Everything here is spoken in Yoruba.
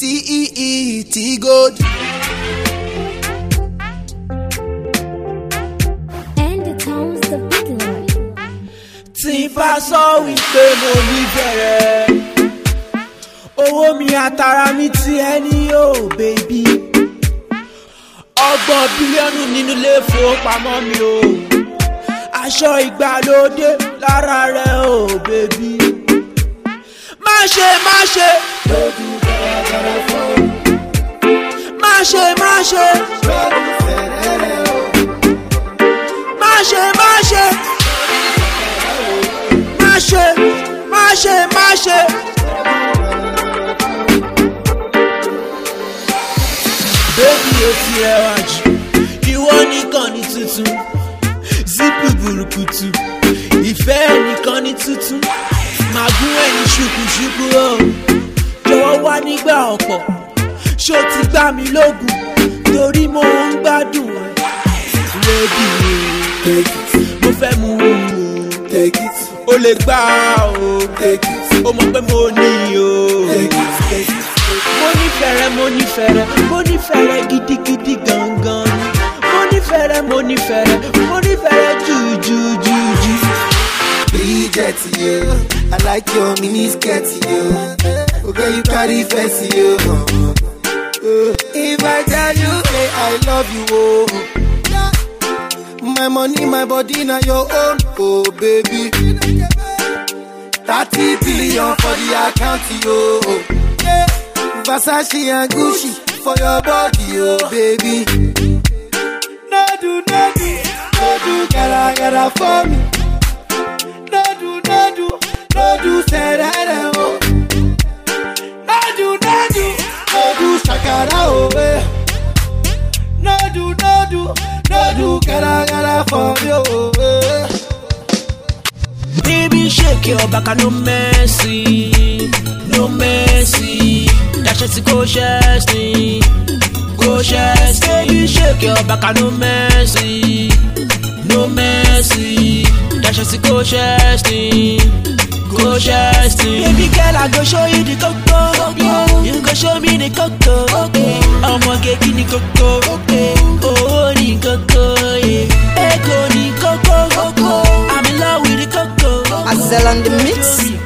TEE T e e, Gold. tí n bá sọ wípé mo ní bẹ̀rẹ̀ owó mi àtàrà mi ti ẹni yóò bèbí ọgbọ̀n bílíọ̀nù nínú ilé ìfowópamọ́ mi o aṣọ ìgbàlódé lára rẹ̀ o bèbí má ṣe má ṣe. ṣe. má ṣe má ṣe. má ṣe má ṣe má ṣe. bébí o ti ẹwà jù ìwọ nìkan ní tuntun zipu burúkutu ìfẹ́ nìkan ní tuntun màá gún ẹni ṣùkùṣùkù o jọ̀wọ́ wá nígbà ọ̀pọ̀ ṣó ti gbá mi lógun torí mo ń gbádùn ẹ̀ lódì mo fẹ́ mu o lè gbà o o mọ̀ pé mo ní o mo nífẹ̀ẹ́ mo nífẹ̀ẹ́ mo nífẹ̀ẹ́ gidigidi gangan mo nífẹ̀ẹ́ mo nífẹ̀ẹ́ mo nífẹ̀ẹ́ rẹ Bridget yo, I like your miniskirt yo, okay you carry fancy yo. Oh, if I tell you. love you, oh. My money, my body, now your own, oh baby. 30 billion for the account, yo. Oh. Versace and Gucci for your body, oh baby. No do, no do, no do, gotta, get to for me. No do, no do, no do, say that, that, oh. No do, no do, no do, shakara, oh, eh do, no do, no do, gara gara for you. Baby, shake your back and no mercy, no mercy. That shit's go chesty, go chesty. Baby, shake your back and no mercy, no mercy. That shit's go chesty. Go chesty. Baby girl, I go show you the coco. You go show me the coco. I'm on the mix.